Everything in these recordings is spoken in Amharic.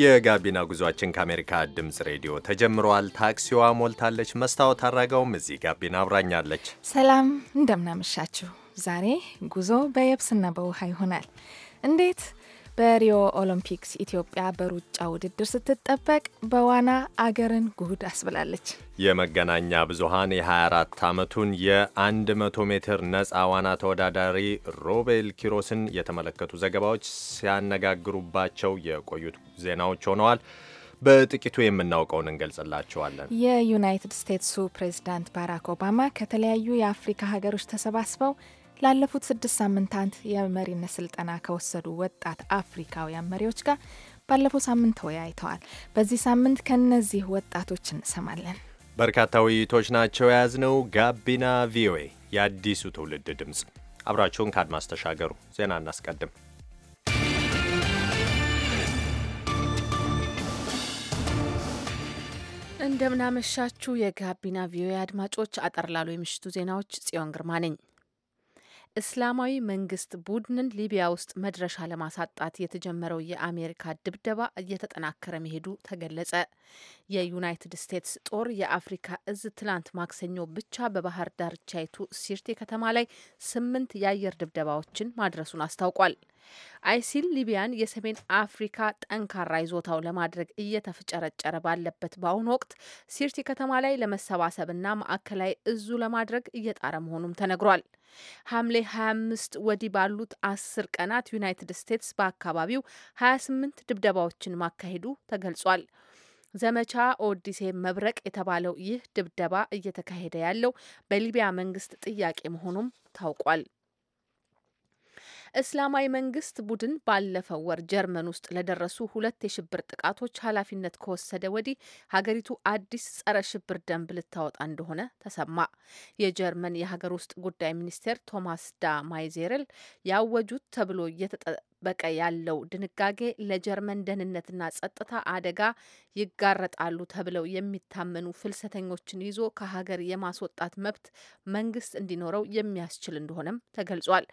የጋቢና ጉዟችን ከአሜሪካ ድምፅ ሬዲዮ ተጀምሯል። ታክሲዋ ሞልታለች። መስታወት አድራጋውም እዚህ ጋቢና አብራኛለች። ሰላም እንደምናመሻችሁ። ዛሬ ጉዞ በየብስና በውሃ ይሆናል። እንዴት በሪዮ ኦሎምፒክስ ኢትዮጵያ በሩጫ ውድድር ስትጠበቅ በዋና አገርን ጉድ አስብላለች። የመገናኛ ብዙሃን የ24 ዓመቱን የ100 ሜትር ነፃ ዋና ተወዳዳሪ ሮቤል ኪሮስን የተመለከቱ ዘገባዎች ሲያነጋግሩባቸው የቆዩት ዜናዎች ሆነዋል። በጥቂቱ የምናውቀውን እንገልጽላቸዋለን። የዩናይትድ ስቴትሱ ፕሬዚዳንት ባራክ ኦባማ ከተለያዩ የአፍሪካ ሀገሮች ተሰባስበው ላለፉት ስድስት ሳምንታት የመሪነት ስልጠና ከወሰዱ ወጣት አፍሪካውያን መሪዎች ጋር ባለፈው ሳምንት ተወያይተዋል። በዚህ ሳምንት ከነዚህ ወጣቶች እንሰማለን። በርካታ ውይይቶች ናቸው የያዝነው። ጋቢና ቪኦኤ የአዲሱ ትውልድ ድምፅ፣ አብራችሁን ከአድማስ ተሻገሩ። ዜና እናስቀድም። እንደምናመሻችሁ የጋቢና ቪኦኤ አድማጮች፣ አጠር ላሉ የምሽቱ ዜናዎች ጽዮን ግርማ ነኝ። እስላማዊ መንግስት ቡድንን ሊቢያ ውስጥ መድረሻ ለማሳጣት የተጀመረው የአሜሪካ ድብደባ እየተጠናከረ መሄዱ ተገለጸ። የዩናይትድ ስቴትስ ጦር የአፍሪካ እዝ ትላንት ማክሰኞ ብቻ በባህር ዳርቻይቱ ሲርቴ ከተማ ላይ ስምንት የአየር ድብደባዎችን ማድረሱን አስታውቋል። አይሲል ሊቢያን የሰሜን አፍሪካ ጠንካራ ይዞታው ለማድረግ እየተፍጨረጨረ ባለበት በአሁኑ ወቅት ሲርቲ ከተማ ላይ ለመሰባሰብና ማዕከላዊ እዙ ለማድረግ እየጣረ መሆኑም ተነግሯል። ሐምሌ 25 ወዲህ ባሉት አስር ቀናት ዩናይትድ ስቴትስ በአካባቢው 28 ድብደባዎችን ማካሄዱ ተገልጿል። ዘመቻ ኦዲሴ መብረቅ የተባለው ይህ ድብደባ እየተካሄደ ያለው በሊቢያ መንግስት ጥያቄ መሆኑም ታውቋል። እስላማዊ መንግስት ቡድን ባለፈው ወር ጀርመን ውስጥ ለደረሱ ሁለት የሽብር ጥቃቶች ኃላፊነት ከወሰደ ወዲህ ሀገሪቱ አዲስ ጸረ ሽብር ደንብ ልታወጣ እንደሆነ ተሰማ። የጀርመን የሀገር ውስጥ ጉዳይ ሚኒስቴር ቶማስ ዳ ማይዜረል ያወጁት ተብሎ በቀ ያለው ድንጋጌ ለጀርመን ደህንነትና ጸጥታ አደጋ ይጋረጣሉ ተብለው የሚታመኑ ፍልሰተኞችን ይዞ ከሀገር የማስወጣት መብት መንግስት እንዲኖረው የሚያስችል እንደሆነም ተገልጿል።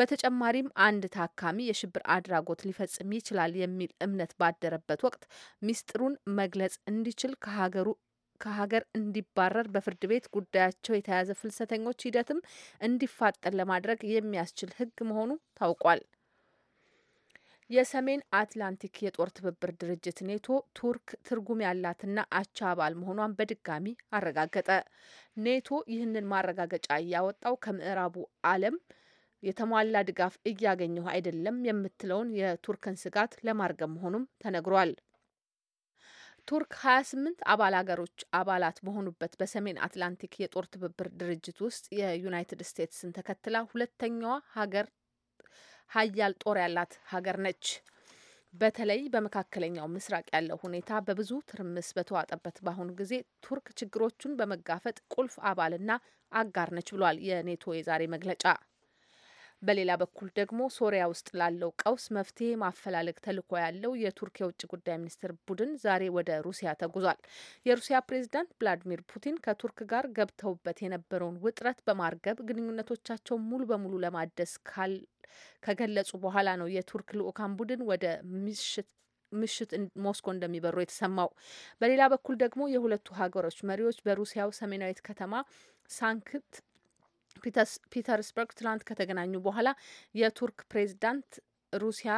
በተጨማሪም አንድ ታካሚ የሽብር አድራጎት ሊፈጽም ይችላል የሚል እምነት ባደረበት ወቅት ሚስጥሩን መግለጽ እንዲችል ከሀገሩ ከሀገር እንዲባረር በፍርድ ቤት ጉዳያቸው የተያዘ ፍልሰተኞች ሂደትም እንዲፋጠን ለማድረግ የሚያስችል ሕግ መሆኑ ታውቋል። የሰሜን አትላንቲክ የጦር ትብብር ድርጅት ኔቶ ቱርክ ትርጉም ያላትና አቻ አባል መሆኗን በድጋሚ አረጋገጠ። ኔቶ ይህንን ማረጋገጫ እያወጣው ከምዕራቡ ዓለም የተሟላ ድጋፍ እያገኘሁ አይደለም የምትለውን የቱርክን ስጋት ለማርገብ መሆኑም ተነግሯል። ቱርክ 28 አባል ሀገሮች አባላት በሆኑበት በሰሜን አትላንቲክ የጦር ትብብር ድርጅት ውስጥ የዩናይትድ ስቴትስን ተከትላ ሁለተኛዋ ሀገር ሀያል ጦር ያላት ሀገር ነች። በተለይ በመካከለኛው ምስራቅ ያለው ሁኔታ በብዙ ትርምስ በተዋጠበት በአሁኑ ጊዜ ቱርክ ችግሮቹን በመጋፈጥ ቁልፍ አባልና አጋር ነች ብሏል የኔቶ የዛሬ መግለጫ። በሌላ በኩል ደግሞ ሶሪያ ውስጥ ላለው ቀውስ መፍትሄ ማፈላለግ ተልዕኮ ያለው የቱርክ የውጭ ጉዳይ ሚኒስትር ቡድን ዛሬ ወደ ሩሲያ ተጉዟል። የሩሲያ ፕሬዚዳንት ቭላዲሚር ፑቲን ከቱርክ ጋር ገብተውበት የነበረውን ውጥረት በማርገብ ግንኙነቶቻቸውን ሙሉ በሙሉ ለማደስ ካል ከገለጹ በኋላ ነው የቱርክ ልዑካን ቡድን ወደ ምሽት ምሽት ሞስኮ እንደሚበሩ የተሰማው። በሌላ በኩል ደግሞ የሁለቱ ሀገሮች መሪዎች በሩሲያው ሰሜናዊት ከተማ ሳንክት ፒተርስበርግ ትላንት ከተገናኙ በኋላ የቱርክ ፕሬዚዳንት ሩሲያ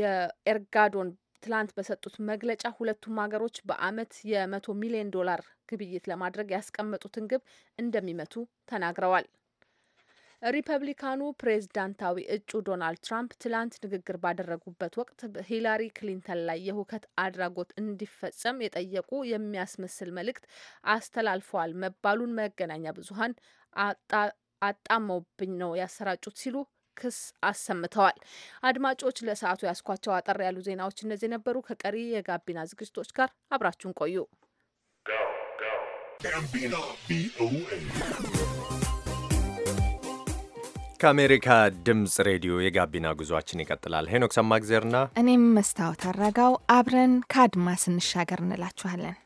የኤርጋዶን ትላንት በሰጡት መግለጫ ሁለቱም ሀገሮች በአመት የመቶ ሚሊዮን ዶላር ግብይት ለማድረግ ያስቀመጡትን ግብ እንደሚመቱ ተናግረዋል። ሪፐብሊካኑ ፕሬዝዳንታዊ እጩ ዶናልድ ትራምፕ ትላንት ንግግር ባደረጉበት ወቅት ሂላሪ ክሊንተን ላይ የሁከት አድራጎት እንዲፈጸም የጠየቁ የሚያስመስል መልእክት አስተላልፈዋል መባሉን መገናኛ ብዙኃን አጣመውብኝ ነው ያሰራጩት ሲሉ ክስ አሰምተዋል። አድማጮች ለሰዓቱ ያስኳቸው አጠር ያሉ ዜናዎች እነዚህ ነበሩ። ከቀሪ የጋቢና ዝግጅቶች ጋር አብራችሁን ቆዩ። ከአሜሪካ ድምፅ ሬዲዮ የጋቢና ጉዟችን ይቀጥላል። ሄኖክ ሰማግዜርና እኔም መስታወት አረጋው አብረን ከአድማስ እንሻገር እንላችኋለን።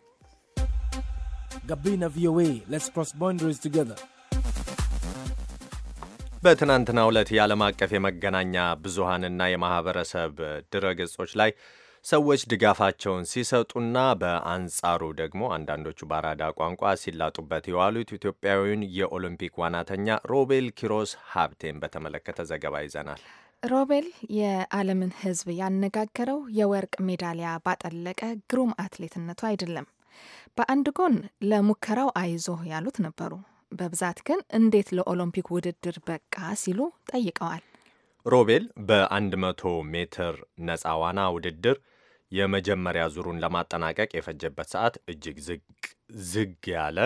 ጋቢና ቪኦኤ ሌትስ ክሮስ ቦንደሪስ ቱጌዘር በትናንትናው ዕለት የዓለም አቀፍ የመገናኛ ብዙሃንና የማህበረሰብ ገጾች ላይ ሰዎች ድጋፋቸውን ሲሰጡና በአንጻሩ ደግሞ አንዳንዶቹ ባራዳ ቋንቋ ሲላጡበት የዋሉት ኢትዮጵያዊውን የኦሎምፒክ ዋናተኛ ሮቤል ኪሮስ ሀብቴን በተመለከተ ዘገባ ይዘናል። ሮቤል የዓለምን ሕዝብ ያነጋገረው የወርቅ ሜዳሊያ ባጠለቀ ግሩም አትሌትነቱ አይደለም። በአንድ ጎን ለሙከራው አይዞህ ያሉት ነበሩ። በብዛት ግን እንዴት ለኦሎምፒክ ውድድር በቃ ሲሉ ጠይቀዋል። ሮቤል በ100 ሜትር ነፃ ዋና ውድድር የመጀመሪያ ዙሩን ለማጠናቀቅ የፈጀበት ሰዓት እጅግ ዝግ ያለ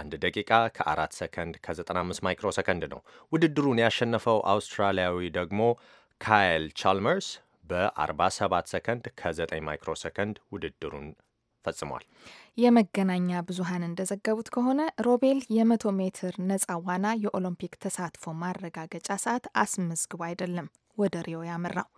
አንድ ደቂቃ ከአራት ሰከንድ ከ95 ማይክሮ ሰከንድ ነው። ውድድሩን ያሸነፈው አውስትራሊያዊ ደግሞ ካይል ቻልመርስ በ47 ሰከንድ ከ9 ማይክሮ ሰከንድ ውድድሩን ፈጽሟል። የመገናኛ ብዙሃን እንደዘገቡት ከሆነ ሮቤል የመቶ ሜትር ነጻ ዋና የኦሎምፒክ ተሳትፎ ማረጋገጫ ሰዓት አስመዝግቦ አይደለም ወደ ሪዮ ያመራው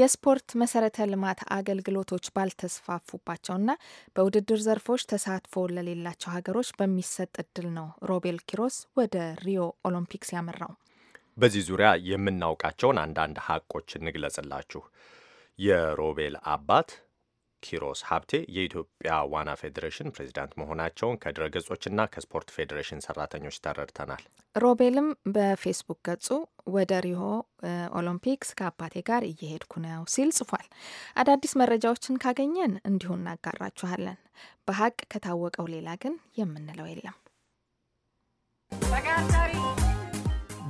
የስፖርት መሰረተ ልማት አገልግሎቶች ባልተስፋፉባቸውና በውድድር ዘርፎች ተሳትፎ ለሌላቸው ሀገሮች በሚሰጥ እድል ነው ሮቤል ኪሮስ ወደ ሪዮ ኦሎምፒክስ ያመራው። በዚህ ዙሪያ የምናውቃቸውን አንዳንድ ሀቆች እንግለጽላችሁ። የሮቤል አባት ኪሮስ ሀብቴ የኢትዮጵያ ዋና ፌዴሬሽን ፕሬዚዳንት መሆናቸውን ከድረገጾችና ከስፖርት ፌዴሬሽን ሰራተኞች ተረድተናል። ሮቤልም በፌስቡክ ገጹ ወደ ሪሆ ኦሎምፒክስ ከአባቴ ጋር እየሄድኩ ነው ሲል ጽፏል። አዳዲስ መረጃዎችን ካገኘን እንዲሁ እናጋራችኋለን። በሀቅ ከታወቀው ሌላ ግን የምንለው የለም።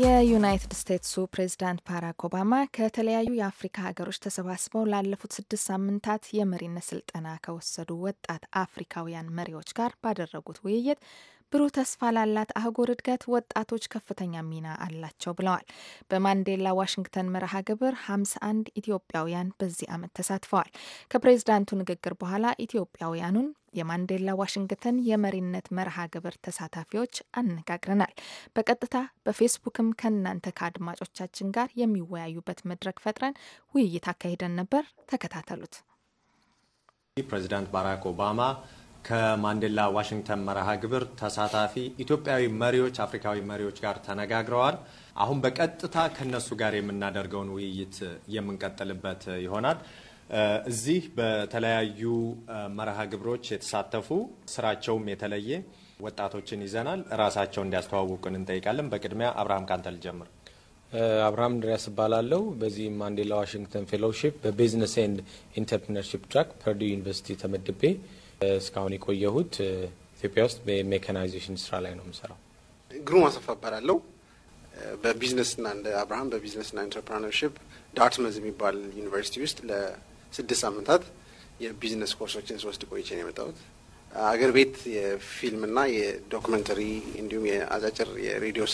የዩናይትድ ስቴትሱ ፕሬዚዳንት ባራክ ኦባማ ከተለያዩ የአፍሪካ ሀገሮች ተሰባስበው ላለፉት ስድስት ሳምንታት የመሪነት ስልጠና ከወሰዱ ወጣት አፍሪካውያን መሪዎች ጋር ባደረጉት ውይይት ብሩህ ተስፋ ላላት አህጉር እድገት ወጣቶች ከፍተኛ ሚና አላቸው ብለዋል። በማንዴላ ዋሽንግተን መርሃ ግብር 51 ኢትዮጵያውያን በዚህ ዓመት ተሳትፈዋል። ከፕሬዚዳንቱ ንግግር በኋላ ኢትዮጵያውያኑን የማንዴላ ዋሽንግተን የመሪነት መርሃ ግብር ተሳታፊዎች አነጋግረናል። በቀጥታ በፌስቡክም ከእናንተ ከአድማጮቻችን ጋር የሚወያዩበት መድረክ ፈጥረን ውይይት አካሂደን ነበር። ተከታተሉት። ፕሬዚዳንት ባራክ ኦባማ ከማንዴላ ዋሽንግተን መርሃ ግብር ተሳታፊ ኢትዮጵያዊ መሪዎች፣ አፍሪካዊ መሪዎች ጋር ተነጋግረዋል። አሁን በቀጥታ ከነሱ ጋር የምናደርገውን ውይይት የምንቀጥልበት ይሆናል። እዚህ በተለያዩ መርሃ ግብሮች የተሳተፉ ስራቸውም የተለየ ወጣቶችን ይዘናል። ራሳቸው እንዲያስተዋውቁን እንጠይቃለን። በቅድሚያ አብርሃም ካንተ ልጀምር። አብርሃም እንድሪያስ እባላለሁ። በዚህ ማንዴላ ዋሽንግተን ፌሎውሺፕ በቢዝነስ ኤንድ ኢንተርፕሪነርሺፕ ትራክ ፐርዲ ዩኒቨርሲቲ ተመድቤ እስካሁን የቆየሁት ኢትዮጵያ ውስጥ በሜካናይዜሽን ስራ ላይ ነው የምሰራው። ግሩም አሰፋ እባላለሁ። በቢዝነስና እንደ አብርሃም በቢዝነስና ኢንተርፕሪነርሺፕ ዳርትመዝ የሚባል ዩኒቨርሲቲ ውስጥ ስድስት ሳምንታት የቢዝነስ ኮርሶችን ስወስድ ቆይቼ ነው የመጣሁት። አገር ቤት የፊልምና የዶክመንተሪ እንዲሁም የአጫጭር የሬዲዮ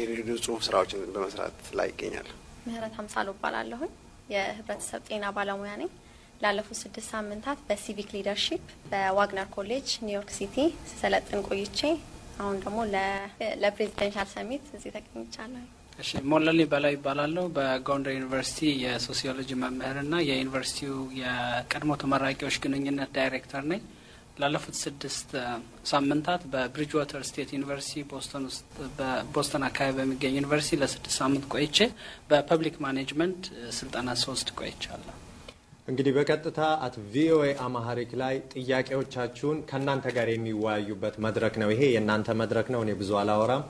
የሬዲዮ ጽሁፍ ስራዎችን በመስራት ላይ ይገኛል። ምህረት አምሳሎ እባላለሁኝ። የህብረተሰብ ጤና ባለሙያ ነኝ። ላለፉት ስድስት ሳምንታት በሲቪክ ሊደርሺፕ በዋግነር ኮሌጅ ኒውዮርክ ሲቲ ስሰለጥን ቆይቼ አሁን ደግሞ ለፕሬዚደንሻል ሰሚት እዚህ ተገኝቻለሁ። እሺ ሞለሌ በላይ ይባላለሁ። በጎንደር ዩኒቨርሲቲ የሶሲዮሎጂ መምህርና የዩኒቨርሲቲው የቀድሞ ተመራቂዎች ግንኙነት ዳይሬክተር ነኝ። ላለፉት ስድስት ሳምንታት በብሪጅ ዋተር ስቴት ዩኒቨርሲቲ ቦስተን ውስጥ በቦስተን አካባቢ በሚገኝ ዩኒቨርሲቲ ለስድስት ሳምንት ቆይቼ በፐብሊክ ማኔጅመንት ስልጠና ሶስት ቆይቻለሁ። እንግዲህ በቀጥታ አት ቪኦኤ አማሃሪክ ላይ ጥያቄዎቻችሁን ከእናንተ ጋር የሚወያዩበት መድረክ ነው። ይሄ የእናንተ መድረክ ነው። እኔ ብዙ አላወራም፣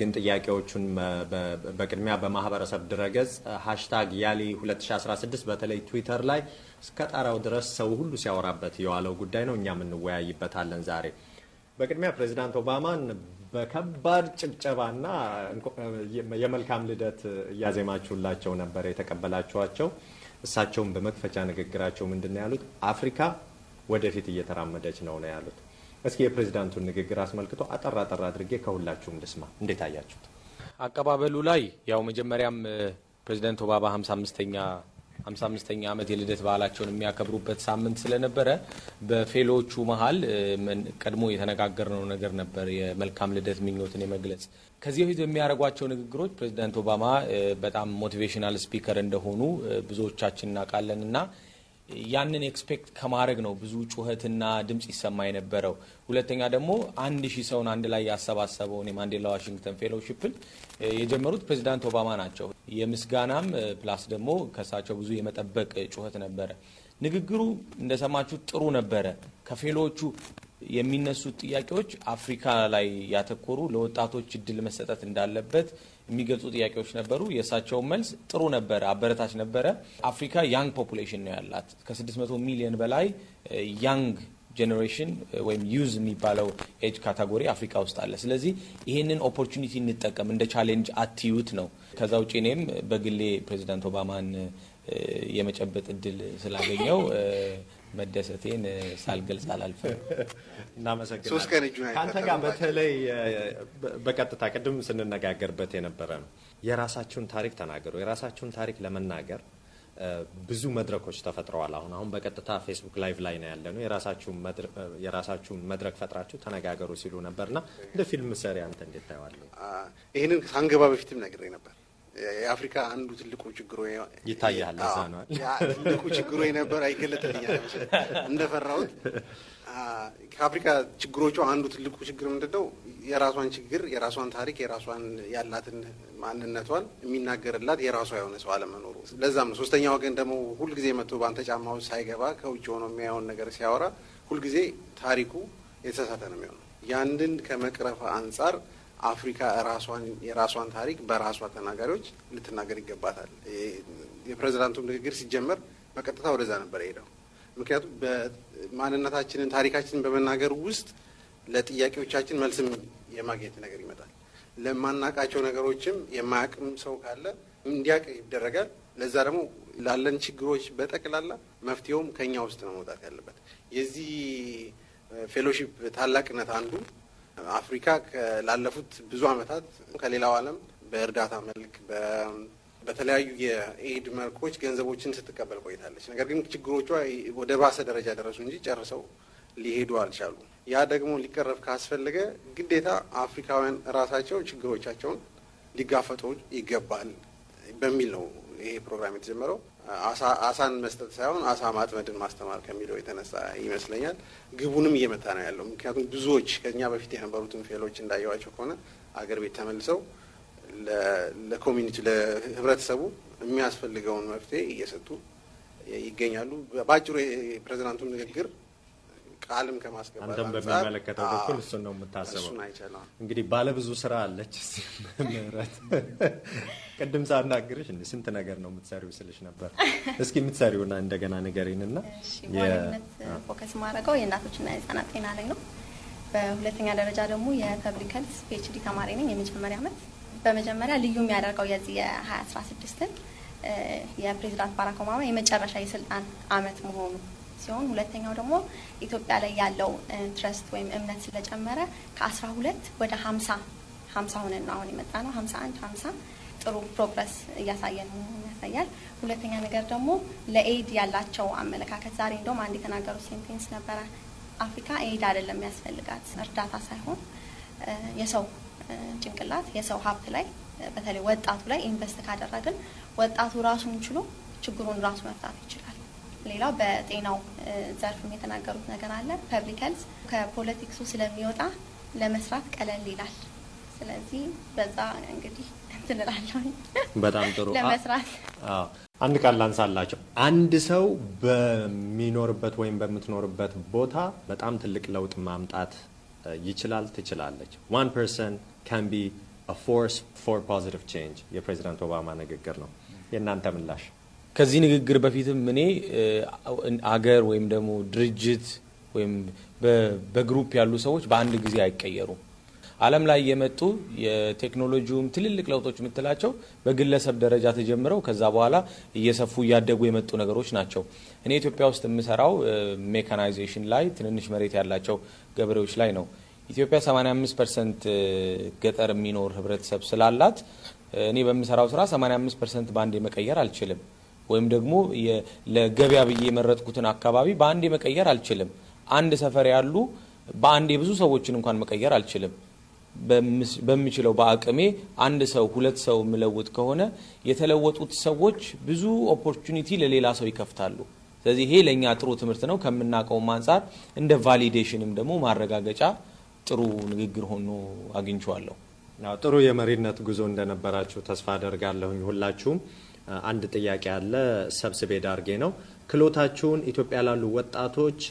ግን ጥያቄዎቹን በቅድሚያ በማህበረሰብ ድረገጽ ሃሽታግ ያሊ 2016 በተለይ ትዊተር ላይ እስከ ጣራው ድረስ ሰው ሁሉ ሲያወራበት የዋለው ጉዳይ ነው። እኛም እንወያይበታለን ዛሬ በቅድሚያ ፕሬዚዳንት ኦባማን በከባድ ጭብጨባና የመልካም ልደት እያዜማችሁላቸው ነበር የተቀበላችኋቸው። እሳቸውን በመክፈቻ ንግግራቸው ምንድን ነው ያሉት? አፍሪካ ወደፊት እየተራመደች ነው ነው ያሉት። እስኪ የፕሬዚዳንቱን ንግግር አስመልክቶ አጠር አጠር አድርጌ ከሁላችሁም ልስማ። እንዴት አያችሁት? አቀባበሉ ላይ ያው መጀመሪያም ፕሬዚደንት ኦባማ 5 ምስተኛ 55ኛ ዓመት የልደት በዓላቸውን የሚያከብሩበት ሳምንት ስለነበረ በፌሎቹ መሀል ቀድሞ የተነጋገርነው ነገር ነበር የመልካም ልደት ምኞትን የመግለጽ። ከዚህ በፊት በሚያደርጓቸው ንግግሮች ፕሬዚዳንት ኦባማ በጣም ሞቲቬሽናል ስፒከር እንደሆኑ ብዙዎቻችን እናውቃለን እና ያንን ኤክስፔክት ከማድረግ ነው ብዙ ጩኸትና ድምጽ ይሰማ የነበረው። ሁለተኛ ደግሞ አንድ ሺህ ሰውን አንድ ላይ ያሰባሰበውን የማንዴላ ዋሽንግተን ፌሎውሺፕን የጀመሩት ፕሬዚዳንት ኦባማ ናቸው። የምስጋናም ፕላስ ደግሞ ከሳቸው ብዙ የመጠበቅ ጩኸት ነበረ። ንግግሩ እንደሰማችሁ ጥሩ ነበረ። ከፌሎዎቹ የሚነሱት ጥያቄዎች አፍሪካ ላይ ያተኮሩ፣ ለወጣቶች እድል መሰጠት እንዳለበት የሚገልጹ ጥያቄዎች ነበሩ። የእሳቸውን መልስ ጥሩ ነበረ፣ አበረታች ነበረ። አፍሪካ ያንግ ፖፑሌሽን ነው ያላት ከ600 ሚሊዮን በላይ ያንግ ጄኔሬሽን ወይም ዩዝ የሚባለው ኤጅ ካታጎሪ አፍሪካ ውስጥ አለ። ስለዚህ ይህንን ኦፖርቹኒቲ እንጠቀም፣ እንደ ቻሌንጅ አትዩት ነው። ከዛ ውጭ እኔም በግሌ ፕሬዚዳንት ኦባማን የመጨበጥ እድል ስላገኘው መደሰቴን ሳልገልጽ አላልፍም። እናመሰግናለን። ሶስት ቀን ከአንተ ጋር በተለይ በቀጥታ ቅድም ስንነጋገርበት የነበረ ነው። የራሳችሁን ታሪክ ተናገሩ። የራሳችሁን ታሪክ ለመናገር ብዙ መድረኮች ተፈጥረዋል። አሁን አሁን በቀጥታ ፌስቡክ ላይቭ ላይ ነው ያለ ነው። የራሳችሁን መድረክ ፈጥራችሁ ተነጋገሩ ሲሉ ነበርና እንደ ፊልም ሰሪ አንተ እንዴት ታየዋለህ? ይህንን ሳንገባ በፊትም ነግሬ ነበር የአፍሪካ አንዱ ትልቁ ችግሮ ይታያል። ትልቁ ችግሮ የነበረ አይገለጥልኛል እንደፈራሁት። ከአፍሪካ ችግሮቿ አንዱ ትልቁ ችግር ምንድነው? የራሷን ችግር፣ የራሷን ታሪክ፣ የራሷን ያላትን ማንነቷን የሚናገርላት የራሷ የሆነ ሰው አለመኖሩ። ለዛም ነው ሶስተኛ ወገን ደግሞ ሁልጊዜ መጥቶ በአንተ ጫማ ውስጥ ሳይገባ ከውጭ ሆኖ የሚያየውን ነገር ሲያወራ ሁልጊዜ ታሪኩ የተሳሳተ ነው የሚሆነው። ያንን ከመቅረፍ አንጻር አፍሪካ ራሷን የራሷን ታሪክ በራሷ ተናጋሪዎች ልትናገር ይገባታል። የፕሬዚዳንቱም ንግግር ሲጀመር በቀጥታ ወደዛ ነበር ሄደው። ምክንያቱም ማንነታችንን ታሪካችንን በመናገር ውስጥ ለጥያቄዎቻችን መልስም የማግኘት ነገር ይመጣል። ለማናቃቸው ነገሮችም የማያቅም ሰው ካለ እንዲያቅ ይደረጋል። ለዛ ደግሞ ላለን ችግሮች በጠቅላላ መፍትሄውም ከኛ ውስጥ ነው መውጣት ያለበት። የዚህ ፌሎሺፕ ታላቅነት አንዱ አፍሪካ ላለፉት ብዙ ዓመታት ከሌላው ዓለም በእርዳታ መልክ በተለያዩ የኤድ መልኮች ገንዘቦችን ስትቀበል ቆይታለች። ነገር ግን ችግሮቿ ወደ ባሰ ደረጃ ደረሱ እንጂ ጨርሰው ሊሄዱ አልቻሉ። ያ ደግሞ ሊቀረፍ ካስፈለገ ግዴታ አፍሪካውያን ራሳቸው ችግሮቻቸውን ሊጋፈጡ ይገባል። በሚል ነው ይሄ ፕሮግራም የተጀመረው። አሳን መስጠት ሳይሆን አሳ ማጥመድን ማስተማር ከሚለው የተነሳ ይመስለኛል። ግቡንም እየመታ ነው ያለው። ምክንያቱም ብዙዎች ከኛ በፊት የነበሩትን ፌሎች እንዳየዋቸው ከሆነ አገር ቤት ተመልሰው ለኮሚኒቲ ለህብረተሰቡ የሚያስፈልገውን መፍትሄ እየሰጡ ይገኛሉ። በአጭሩ የፕሬዚዳንቱም ንግግር ቃልም ከማስገባት አንተም በሚመለከተው በኩል እሱ ነው የምታስበው። እንግዲህ ባለብዙ ስራ አለች ምረት ቅድም ሳናግርሽ እ ስንት ነገር ነው የምትሰሪው ስልሽ ነበር። እስኪ የምትሰሪውና እንደገና ና ፎከስ ማድረገው የእናቶችና የህጻናት ጤና ላይ ነው። በሁለተኛ ደረጃ ደግሞ የፐብሊክ ሄልዝ ፒኤችዲ ተማሪ ነኝ፣ የመጀመሪያ አመት በመጀመሪያ ልዩ የሚያደርገው የዚህ የሀያ 2016 ስድስትን የፕሬዚዳንት ባራክ ኦባማ የመጨረሻ የስልጣን አመት መሆኑ ሲሆን ሁለተኛው ደግሞ ኢትዮጵያ ላይ ያለው ትረስት ወይም እምነት ስለጨመረ ከአስራ ሁለት ወደ ሀምሳ ሀምሳ ሆነን ነው አሁን የመጣ ነው ሀምሳ አንድ ሀምሳ ጥሩ ፕሮግረስ እያሳየ ነው ያሳያል። ሁለተኛ ነገር ደግሞ ለኤድ ያላቸው አመለካከት ዛሬ እንደውም አንድ የተናገሩ ሴንቴንስ ነበረ። አፍሪካ ኤድ አይደለም የሚያስፈልጋት እርዳታ ሳይሆን የሰው ጭንቅላት የሰው ሀብት ላይ በተለይ ወጣቱ ላይ ኢንቨስት ካደረግን ወጣቱ ራሱን ችሎ ችግሩን ራሱ መፍታት ይችላል። ሌላው በጤናው ዘርፍ የተናገሩት ነገር አለ። ፐብሊክ ሄልዝ ከፖለቲክሱ ስለሚወጣ ለመስራት ቀለል ይላል። ስለዚህ በዛ እንግዲህ ትንላለሁ። በጣም ጥሩ ለመስራት አንድ ቃል ላንሳላቸው። አንድ ሰው በሚኖርበት ወይም በምትኖርበት ቦታ በጣም ትልቅ ለውጥ ማምጣት ይችላል፣ ትችላለች። ዋን ፐርሰን ካን ቢ ፎርስ ፎር ፖዚቲቭ ቼንጅ የፕሬዚዳንት ኦባማ ንግግር ነው። የእናንተ ምላሽ? ከዚህ ንግግር በፊትም እኔ አገር ወይም ደግሞ ድርጅት ወይም በግሩፕ ያሉ ሰዎች በአንድ ጊዜ አይቀየሩም። ዓለም ላይ የመጡ የቴክኖሎጂውም ትልልቅ ለውጦች የምትላቸው በግለሰብ ደረጃ ተጀምረው ከዛ በኋላ እየሰፉ እያደጉ የመጡ ነገሮች ናቸው። እኔ ኢትዮጵያ ውስጥ የምሰራው ሜካናይዜሽን ላይ ትንንሽ መሬት ያላቸው ገበሬዎች ላይ ነው። ኢትዮጵያ 85 ፐርሰንት ገጠር የሚኖር ህብረተሰብ ስላላት እኔ በምሰራው ስራ 85 ፐርሰንት በአንድ መቀየር አልችልም። ወይም ደግሞ ለገበያ ብዬ የመረጥኩትን አካባቢ በአንዴ መቀየር አልችልም። አንድ ሰፈር ያሉ በአንዴ ብዙ ሰዎችን እንኳን መቀየር አልችልም። በምችለው በአቅሜ አንድ ሰው ሁለት ሰው የምለውጥ ከሆነ የተለወጡት ሰዎች ብዙ ኦፖርቹኒቲ ለሌላ ሰው ይከፍታሉ። ስለዚህ ይሄ ለእኛ ጥሩ ትምህርት ነው። ከምናውቀውም አንጻር እንደ ቫሊዴሽንም ደግሞ ማረጋገጫ ጥሩ ንግግር ሆኖ አግኝቸዋለሁ ጥሩ የመሪነት ጉዞ እንደነበራችሁ ተስፋ አደርጋለሁኝ ሁላችሁም አንድ ጥያቄ አለ። ሰብስቤ ዳርጌ ነው። ክሎታችሁን ኢትዮጵያ ላሉ ወጣቶች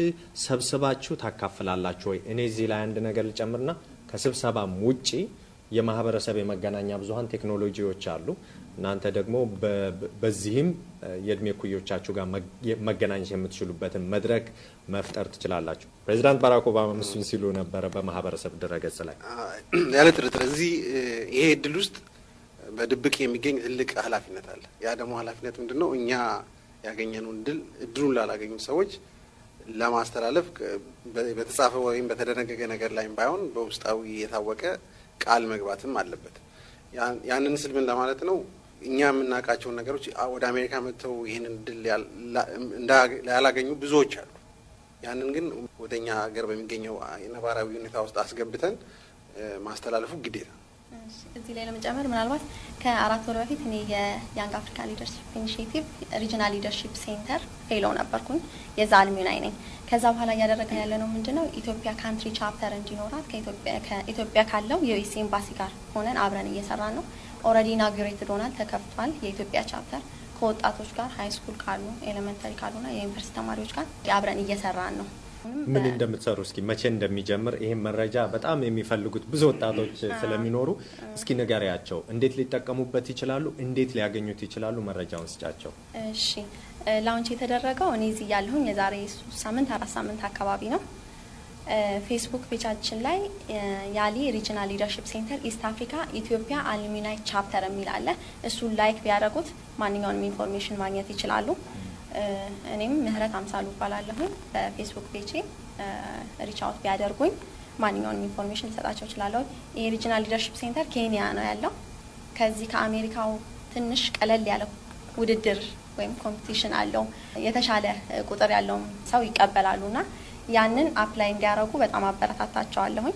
ሰብስባችሁ ታካፍላላችሁ ወይ? እኔ እዚህ ላይ አንድ ነገር ልጨምርና ከስብሰባም ውጪ የማህበረሰብ የመገናኛ ብዙሀን ቴክኖሎጂዎች አሉ። እናንተ ደግሞ በዚህም የእድሜ ኩዮቻችሁ ጋር መገናኘት የምትችሉበትን መድረክ መፍጠር ትችላላችሁ። ፕሬዚዳንት ባራክ ኦባማ ምስሉን ሲሉ ነበረ በማህበረሰብ ድረገጽ ላይ ያለ ጥርጥር እዚህ ይሄ እድል ውስጥ በድብቅ የሚገኝ ትልቅ ኃላፊነት አለ። ያ ደግሞ ኃላፊነት ምንድን ነው? እኛ ያገኘነውን ድል እድሉን ላላገኙ ሰዎች ለማስተላለፍ በተጻፈ ወይም በተደነገገ ነገር ላይም ባይሆን በውስጣዊ የታወቀ ቃል መግባትም አለበት። ያንን ስል ምን ለማለት ነው? እኛ የምናውቃቸውን ነገሮች ወደ አሜሪካ መጥተው ይህንን ድል ያላገኙ ብዙዎች አሉ። ያንን ግን ወደ እኛ ሀገር በሚገኘው ነባራዊ ሁኔታ ውስጥ አስገብተን ማስተላለፉ ግዴታ እዚህ ላይ ለመጨመር ምናልባት ከአራት ወር በፊት እኔ የያንግ አፍሪካ ሊደርሽፕ ኢኒሽቲቭ ሪጂናል ሊደርሽፕ ሴንተር ፌሎው ነበርኩኝ። የዛ አይ ነኝ። ከዛ በኋላ እያደረግን ያለ ነው ምንድን ነው ኢትዮጵያ ካንትሪ ቻፕተር እንዲኖራት ከኢትዮጵያ ካለው የዩኤስ ኤምባሲ ጋር ሆነን አብረን እየሰራን ነው። ኦልሬዲ ኢናጉሬትድ ሆናል፣ ተከፍቷል። የኢትዮጵያ ቻፕተር ከወጣቶች ጋር ሀይ ስኩል ካሉ ኤሌመንተሪ ካሉና የዩኒቨርሲቲ ተማሪዎች ጋር አብረን እየሰራን ነው። ምን እንደምትሰሩ እስኪ መቼ እንደሚጀምር ይህን መረጃ በጣም የሚፈልጉት ብዙ ወጣቶች ስለሚኖሩ እስኪ ንገሪያቸው። እንዴት ሊጠቀሙበት ይችላሉ? እንዴት ሊያገኙት ይችላሉ? መረጃውን ስጫቸው። እሺ፣ ላውንች የተደረገው እኔ እዚህ ያለሁኝ የዛሬ ሳምንት አራት ሳምንት አካባቢ ነው። ፌስቡክ ፔጃችን ላይ ያሊ ሪጅናል ሊደርሽፕ ሴንተር ኢስት አፍሪካ ኢትዮጵያ አልሚናይ ቻፕተር የሚል አለ። ላይክ ቢያደረጉት ማንኛውንም ኢንፎርሜሽን ማግኘት ይችላሉ። እኔም ምህረት አምሳሉ እባላለሁኝ። በፌስቡክ ፔጅ ሪች አውት ቢያደርጉኝ ማንኛውንም ኢንፎርሜሽን ልሰጣቸው እችላለሁ። ይህ ሪጂናል ሊደርሽፕ ሴንተር ኬንያ ነው ያለው። ከዚህ ከአሜሪካው ትንሽ ቀለል ያለ ውድድር ወይም ኮምፒቲሽን አለው። የተሻለ ቁጥር ያለውም ሰው ይቀበላሉ እና ያንን አፕላይ እንዲያደርጉ በጣም አበረታታቸዋለሁኝ።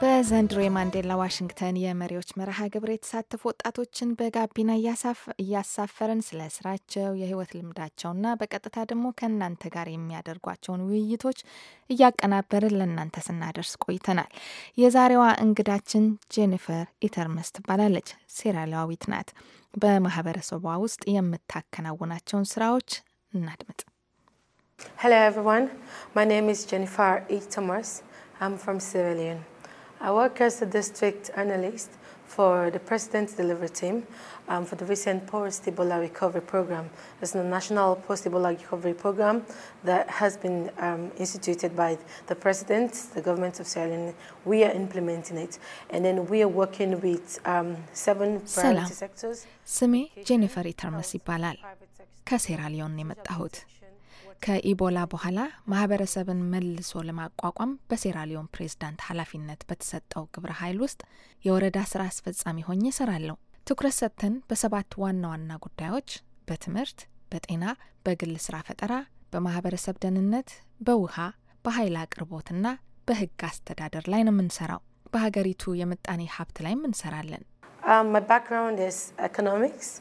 በዘንድሮ የማንዴላ ዋሽንግተን የመሪዎች መርሃ ግብር የተሳተፉ ወጣቶችን በጋቢና እያሳፈርን ስለ ስራቸው፣ የህይወት ልምዳቸውና በቀጥታ ደግሞ ከእናንተ ጋር የሚያደርጓቸውን ውይይቶች እያቀናበርን ለእናንተ ስናደርስ ቆይተናል። የዛሬዋ እንግዳችን ጄኒፈር ኢተርመስ ትባላለች። ሴራላዊት ናት። በማህበረሰቧ ውስጥ የምታከናውናቸውን ስራዎች እናድምጥ። Hello, everyone. My name is Jennifer E. Thomas. I'm from Sierra I work as a district analyst for the President's Delivery Team um, for the recent Post Ebola Recovery Program. It's a national post Ebola recovery program that has been um, instituted by the President, the government of Sierra Leone. We are implementing it. And then we are working with um, seven priority sectors. ስሜ Jennifer ይተርመስ ይባላል። ከሴራሊዮን የመጣሁት ከኢቦላ በኋላ ማህበረሰብን መልሶ ለማቋቋም በሴራሊዮን ፕሬዝዳንት ኃላፊነት በተሰጠው ግብረ ኃይል ውስጥ የወረዳ ስራ አስፈጻሚ ሆኜ እሰራለሁ። ትኩረት ሰጥተን በሰባት ዋና ዋና ጉዳዮች በትምህርት፣ በጤና፣ በግል ስራ ፈጠራ፣ በማህበረሰብ ደህንነት፣ በውሃ፣ በኃይል አቅርቦትና በህግ አስተዳደር ላይ ነው የምንሰራው። በሀገሪቱ የምጣኔ ሀብት ላይም እንሰራለን። Um, my background is economics.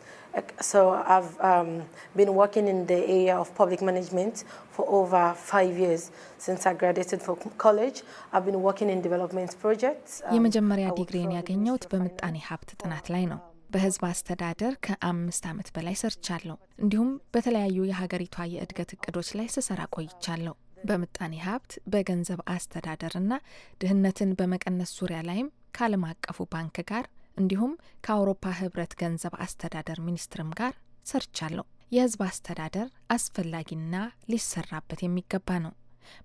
So I've um, been working in the area of public management for over five years since I graduated from college. I've been working in development projects. የመጀመሪያ ዲግሪን ያገኘሁት በምጣኔ ሀብት ጥናት ላይ ነው። በህዝብ አስተዳደር ከአምስት ዓመት በላይ ሰርቻለሁ። እንዲሁም በተለያዩ የሀገሪቷ የእድገት እቅዶች ላይ ስሰራ ቆይቻለሁ። በምጣኔ ሀብት፣ በገንዘብ አስተዳደርና ድህነትን በመቀነስ ዙሪያ ላይም ከዓለም አቀፉ ባንክ ጋር እንዲሁም ከአውሮፓ ህብረት ገንዘብ አስተዳደር ሚኒስትርም ጋር ሰርቻለሁ። የህዝብ አስተዳደር አስፈላጊና ሊሰራበት የሚገባ ነው።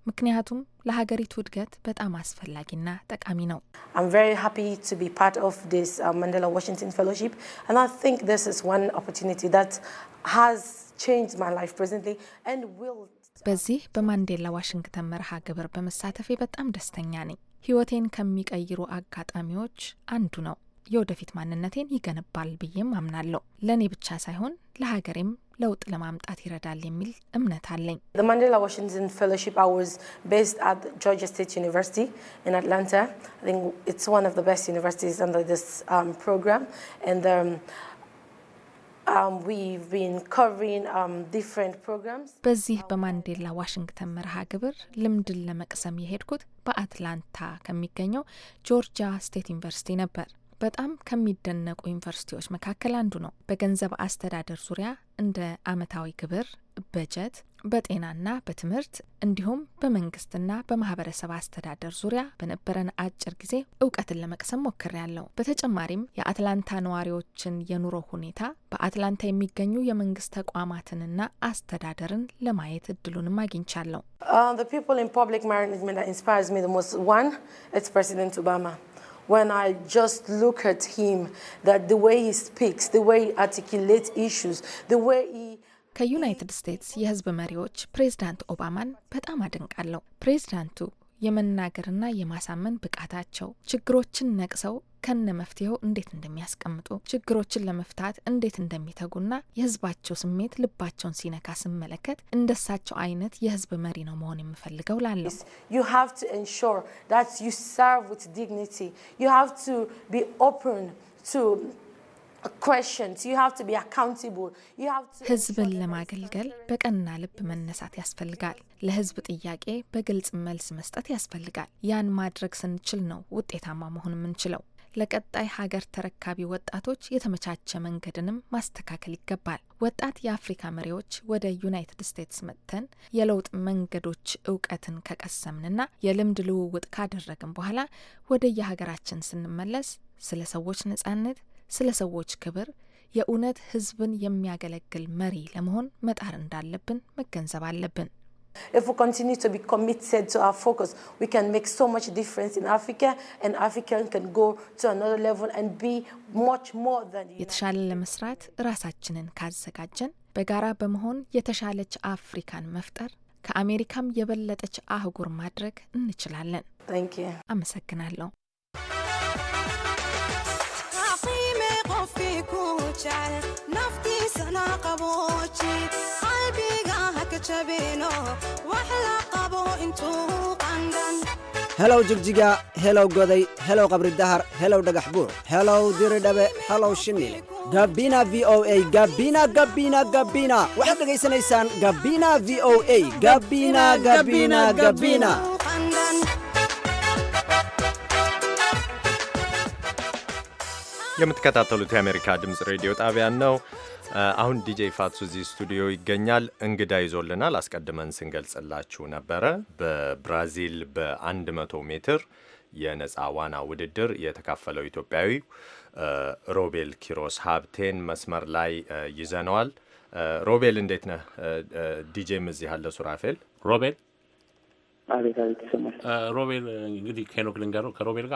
ምክንያቱም ለሀገሪቱ እድገት በጣም አስፈላጊና ጠቃሚ ነው። uh, በዚህ በማንዴላ ዋሽንግተን መርሃ ግብር በመሳተፌ በጣም ደስተኛ ነኝ። ህይወቴን ከሚቀይሩ አጋጣሚዎች አንዱ ነው። የወደፊት ማንነቴን ይገነባል ብዬም አምናለሁ። ለእኔ ብቻ ሳይሆን ለሀገሬም ለውጥ ለማምጣት ይረዳል የሚል እምነት አለኝ። ማንዴላ ዋሽንግተን ፌሎሺፕ ቤስ ቤዝድ አት ጆርጂያ ስቴት ዩኒቨርሲቲ ኢን አትላንታ ኢትስ ዋን ኦፍ ዘ ቤስት ዩኒቨርሲቲስ አንደር ዲስ ፕሮግራም ኤንድ በዚህ በማንዴላ ዋሽንግተን መርሃ ግብር ልምድን ለመቅሰም የሄድኩት በአትላንታ ከሚገኘው ጆርጂያ ስቴት ዩኒቨርሲቲ ነበር። በጣም ከሚደነቁ ዩኒቨርሲቲዎች መካከል አንዱ ነው። በገንዘብ አስተዳደር ዙሪያ እንደ አመታዊ ግብር፣ በጀት፣ በጤናና በትምህርት እንዲሁም በመንግስትና በማህበረሰብ አስተዳደር ዙሪያ በነበረን አጭር ጊዜ እውቀትን ለመቅሰም ሞክሬያለሁ። በተጨማሪም የአትላንታ ነዋሪዎችን የኑሮ ሁኔታ፣ በአትላንታ የሚገኙ የመንግስት ተቋማትንና አስተዳደርን ለማየት እድሉንም አግኝቻለሁ። uh, when I just look at him, that the way he speaks, the way he articulates issues, the way he ከዩናይትድ ስቴትስ የህዝብ መሪዎች ፕሬዝዳንት ኦባማን በጣም አደንቃለሁ። ፕሬዝዳንቱ የመናገርና የማሳመን ብቃታቸው፣ ችግሮችን ነቅሰው ከነ መፍትሄው እንዴት እንደሚያስቀምጡ፣ ችግሮችን ለመፍታት እንዴት እንደሚተጉና የህዝባቸው ስሜት ልባቸውን ሲነካ ስመለከት እንደሳቸው አይነት የህዝብ መሪ ነው መሆን የምፈልገው ላለው ህዝብን ለማገልገል በቀና ልብ መነሳት ያስፈልጋል። ለህዝብ ጥያቄ በግልጽ መልስ መስጠት ያስፈልጋል። ያን ማድረግ ስንችል ነው ውጤታማ መሆን የምንችለው። ለቀጣይ ሀገር ተረካቢ ወጣቶች የተመቻቸ መንገድንም ማስተካከል ይገባል። ወጣት የአፍሪካ መሪዎች ወደ ዩናይትድ ስቴትስ መጥተን የለውጥ መንገዶች እውቀትን ከቀሰምንና የልምድ ልውውጥ ካደረግን በኋላ ወደ የሀገራችን ስንመለስ ስለ ሰዎች ነጻነት ስለ ሰዎች ክብር የእውነት ህዝብን የሚያገለግል መሪ ለመሆን መጣር እንዳለብን መገንዘብ አለብን። If we continue to be committed to our focus, we can make so much difference in Africa and can go to another level and be much more than የተሻለ ለመስራት ራሳችንን ካዘጋጀን በጋራ በመሆን የተሻለች አፍሪካን መፍጠር ከአሜሪካም የበለጠች አህጉር ማድረግ እንችላለን። አመሰግናለሁ። qofkii kuu jecel naftiisana qabooji qalbiga ha ka helow jigjiga helow goday helow qabri dahar helow dhagax buur helow diridhabe helow shimil gabina v o a gabina gabina gabina waxaad dhegaysanaysaan gabina v o a gabina gabina gabina የምትከታተሉት የአሜሪካ ድምፅ ሬዲዮ ጣቢያን ነው። አሁን ዲጄ ፋቱ እዚህ ስቱዲዮ ይገኛል። እንግዳ ይዞልናል። አስቀድመን ስንገልጽላችሁ ነበረ። በብራዚል በ100 ሜትር የነፃ ዋና ውድድር የተካፈለው ኢትዮጵያዊ ሮቤል ኪሮስ ሀብቴን መስመር ላይ ይዘነዋል። ሮቤል እንዴት ነህ? ዲጄም እዚህ አለ ሱራፌል ሮቤል አቤት ሮቤል እንግዲህ ከሮቤል ጋር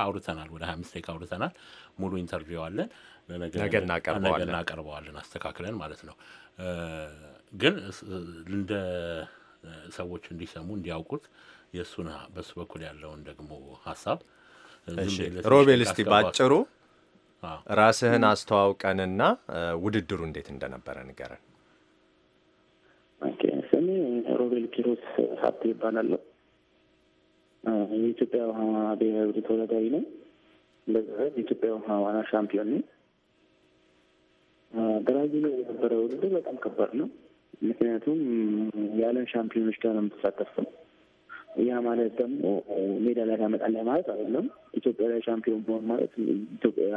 አውርተናል። ወደ ሀያ አምስት ደቂቃ አውርተናል። ሙሉ ኢንተርቪው አለን። ነገ እናቀርበዋለን አስተካክለን ማለት ነው። ግን እንደ ሰዎች እንዲሰሙ እንዲያውቁት የእሱን በሱ በኩል ያለውን ደግሞ ሀሳብ ሮቤል እስቲ ባጭሩ ራስህን አስተዋውቀንና ውድድሩ እንዴት እንደነበረ ንገረን። ስሜ ሮቤል ኪሮስ ሀብቴ ይባላለሁ። የኢትዮጵያ ውሃ ብሔራዊ ቡድን ተወዳዳሪ ነው። በዛ የኢትዮጵያ ውሃ ዋና ሻምፒዮን ነው። ብራዚል የነበረ ውድድር በጣም ከባድ ነው። ምክንያቱም የዓለም ሻምፒዮኖች ጋር ነው የምትሳተፍም። ያ ማለት ደግሞ ሜዳ ላይ ታመጣለህ ማለት አይደለም። ኢትዮጵያ ላይ ሻምፒዮን መሆን ማለት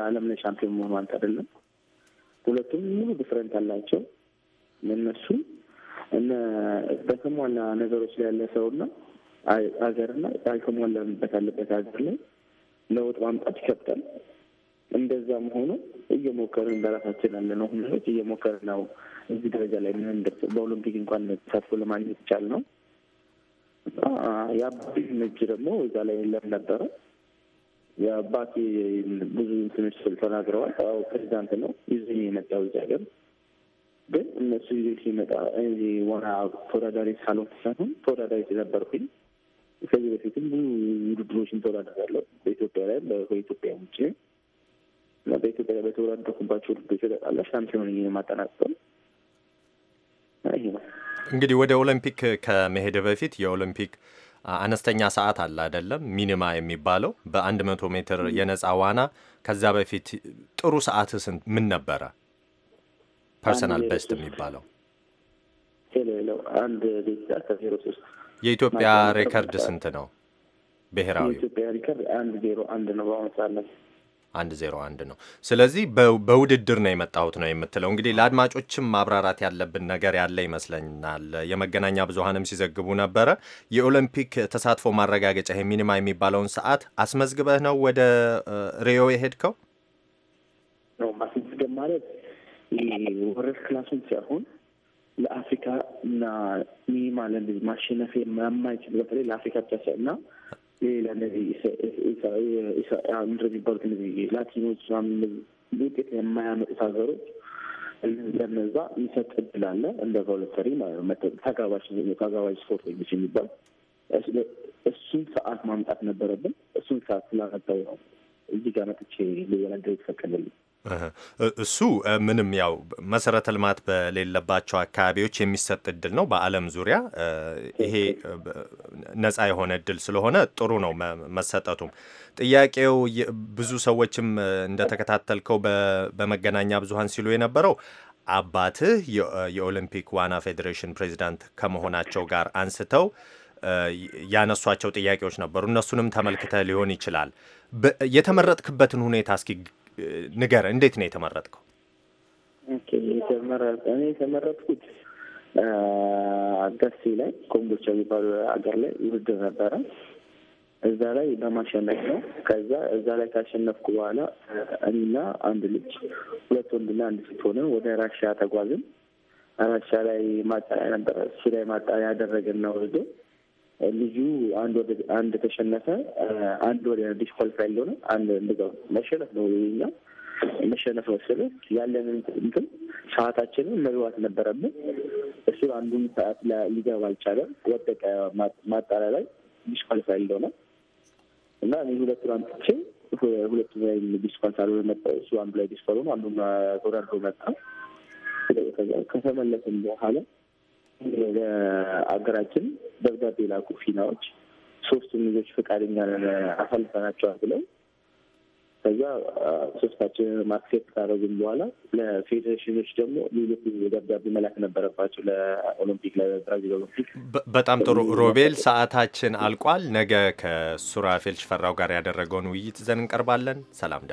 ዓለም ላይ ሻምፒዮን መሆን ማለት አይደለም። ሁለቱም ሙሉ ዲፍረንት አላቸው። እነሱ በተሟላ ነገሮች ላይ ያለ ሰው ነው። ሀገርና ያልተሟላንበት አለበት ሀገር ላይ ለውጥ ማምጣት ይከብዳል። እንደዛም ሆኖ እየሞከርን በራሳችን ያለ ነው ሁኔታዎች እየሞከርን ነው እዚህ ደረጃ ላይ ምን ምንደርስ በኦሎምፒክ እንኳን ተሳትፎ ለማግኘት ይቻል ነው። የአባቴ እጅ ደግሞ እዛ ላይ የለም ነበረ። የአባቴ ብዙ እንትኖች ስል ተናግረዋል። ያው ፕሬዚዳንት ነው ይዞኝ የመጣው እዚህ ሀገር ግን እነሱ ይዞ ሲመጣ ዋና ተወዳዳሪ ሳልሆን ሳይሆን ተወዳዳሪ ስለነበርኩኝ ከዚህ በፊትም ብዙ ውድድሮችን ተወዳደራለሁ በኢትዮጵያ ላይ በኢትዮጵያ ውጭ እና በኢትዮጵያ ላይ በተወዳደርኩባቸው ውድድሮች ጠቅላላ ሻምፒዮን የማጠናቅቀው ይሄ እንግዲህ ወደ ኦሎምፒክ ከመሄድ በፊት የኦሎምፒክ አነስተኛ ሰዓት አለ አይደለም? ሚኒማ የሚባለው በአንድ መቶ ሜትር የነፃ ዋና። ከዛ በፊት ጥሩ ሰዓት ስንት ምን ነበረ? ፐርሰናል ቤስት የሚባለው ሌለው አንድ ደቂቃ ከዜሮ ሶስት የኢትዮጵያ ሬከርድ ስንት ነው? ብሔራዊ የኢትዮጵያ ሪከርድ አንድ ዜሮ አንድ ነው። በአሁኑ ሰዓት አንድ ዜሮ አንድ ነው። ስለዚህ በውድድር ነው የመጣሁት ነው የምትለው። እንግዲህ ለአድማጮችም ማብራራት ያለብን ነገር ያለ ይመስለኛል። የመገናኛ ብዙሀንም ሲዘግቡ ነበረ። የኦሎምፒክ ተሳትፎ ማረጋገጫ ይሄ ሚኒማ የሚባለውን ሰዓት አስመዝግበህ ነው ወደ ሪዮ የሄድከው? ነው ማስመዝገብ ማለት ወረድ ክላሱን ሲያሁን ለአፍሪካ እና ሚኒማል ማሸነፍ የማይችል በተለይ ለአፍሪካ ብቻ ሳይ እና ሌላ እነዚህ ምድር የሚባሉት እነዚህ ላቲኖች ውጤት የማያመጡት ሀገሮች ለነዛ ይሰጥ እድል አለ እንደ ቮለንተሪ ማለት ነው። ተጋባዥ ተጋባዥ ስፖርተኞች የሚባል እሱን ሰዓት ማምጣት ነበረብን። እሱን ሰዓት ስላመጣው ነው እዚህ ጋር መጥቼ ሌላ ነገር እሱ ምንም ያው መሰረተ ልማት በሌለባቸው አካባቢዎች የሚሰጥ እድል ነው። በዓለም ዙሪያ ይሄ ነጻ የሆነ እድል ስለሆነ ጥሩ ነው መሰጠቱም። ጥያቄው ብዙ ሰዎችም እንደተከታተልከው በመገናኛ ብዙሃን ሲሉ የነበረው አባትህ የኦሊምፒክ ዋና ፌዴሬሽን ፕሬዚዳንት ከመሆናቸው ጋር አንስተው ያነሷቸው ጥያቄዎች ነበሩ። እነሱንም ተመልክተ ሊሆን ይችላል የተመረጥክበትን ሁኔታ እስኪ ንገር፣ እንዴት ነው የተመረጥከው? እኔ የተመረጥኩት ደሴ ላይ ኮምቦቻ የሚባሉ ሀገር ላይ ውድድር ነበረ። እዛ ላይ በማሸነፍ ነው። ከዛ እዛ ላይ ካሸነፍኩ በኋላ እኔና አንድ ልጅ ሁለት ወንድና አንድ ሴት ሆነን ወደ ራሻ ተጓዝን። ራሻ ላይ ማጣሪያ ነበረ። እሱ ላይ ማጣሪያ ያደረገን ነው ልጁ አንድ ወደ አንድ ተሸነፈ፣ አንድ ወደ ዲስኳሊፋይ እንደሆነ አንድ እንደዛ መሸነፍ ነው ይኛው መሸነፍ መሰለ ያለንን እንትን ሰዓታችንን መግባት ነበረብን። እሱ አንዱን ሰዓት ሊገባ አልቻለም። ወደቀ ማጣሪያ ላይ ዲስኳሊፋይ እንደሆነ እና እኔ ሁለቱ አንትቼ ሁለቱ ላይ ዲስኳል ሳልሆነ መጣ። እሱ አንዱ ላይ ዲስኳል ሆኖ አንዱ ተወዳድሮ መጣ። ከተመለስን በኋላ ለአገራችን ደብዳቤ ላኩ። ፊናዎች ሶስቱም ልጆች ፈቃደኛ ነን አሳልፈናቸዋል ብለው ከዛ ሶስታችን አክሴፕት ካረጉም በኋላ ለፌዴሬሽኖች ደግሞ ሌሎች ደብዳቤ መላክ ነበረባቸው ለኦሎምፒክ ለብራዚል ኦሎምፒክ። በጣም ጥሩ ሮቤል፣ ሰዓታችን አልቋል። ነገ ከሱራፌል ሽፈራው ጋር ያደረገውን ውይይት ይዘን እንቀርባለን። ሰላም